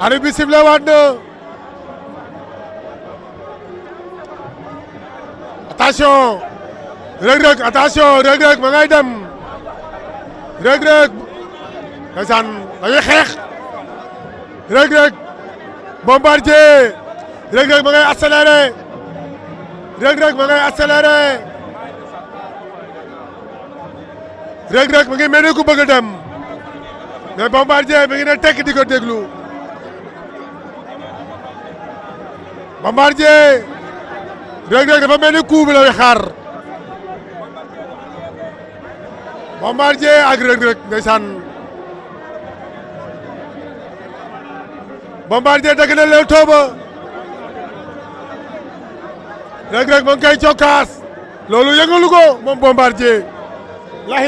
arbitre bi na attention Reug Reug attention Reug Reug ma ngay dem Reug Reug ndeysaan xeex Reug Reug bombardier Reug Reug ma ngay accéléré Reug Reug ma ngay accéléré Reug Reug ma ngi mel ni ku bëgg a dem mais bombardier mi ngi ne tekk di ko déglu Bombardier Reug Reug dafa mel ni coup bi lay xaar Bombardier ak Reug Reug ndeysaan Bombardier dagg na lew tooba Reug Reug ma ngi cokkaas loolu yëngalu ko moom Bombardier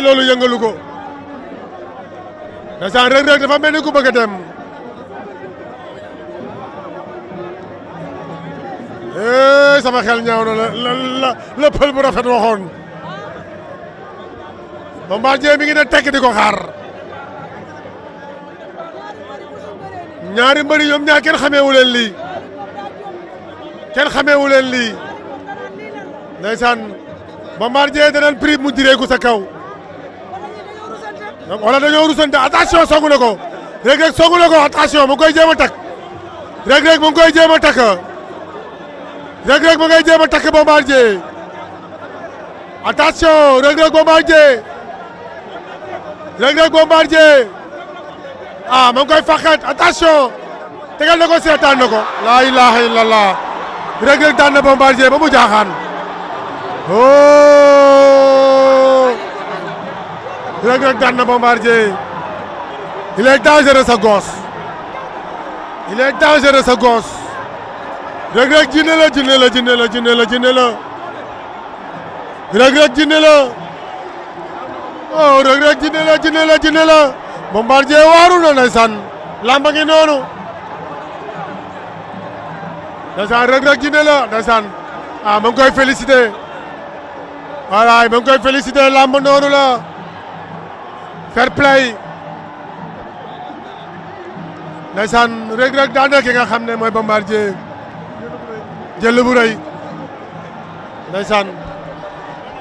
loolu yëngalu ko ndeysaan dafa mel ni ku bëgg dem sama xel ñaaw na la la la bu rafet waxoon Bombardier mi ngi na tekk di ko xaar ñaari mbëri ñoom ñaar kenn xameewu leen li kenn xameewu leen lii ndeysaan Bombardier danaan prix mu direeku sa kaw wala dañoo rusante attention songu na ko Reug Reug songu na ko attention mu ngi koy jéem takk Reug Reug mu ngi koy jéem takk Reug Reug ma ngay jéem a takk Bombardier attention Reug Reug Bombardier Reug Reug Bombardier ah ma ngi koy faxet attention tegal na ko seetaan na ko laa ilaha illallah Reug Reug daan na Bombardier ba mu jaaxaan oh Reug Reug daan na Bombardier il est dangereux sa gosse il est dangereux Reug Reug jinne la jinne la jinne la jinne la jinne la jinne la oh Reug Reug jinne la jinne la jinne la waaru na san lamba ngi noonu ndeysaan Reug Reug jinne la ndeysaan ah ma ngi koy félicité voilà ma ngi lamba noonu la fair play ndeysaan Reug Reug daan na ki nga xam ne mooy Bombardier jël bu rëy ndeysaan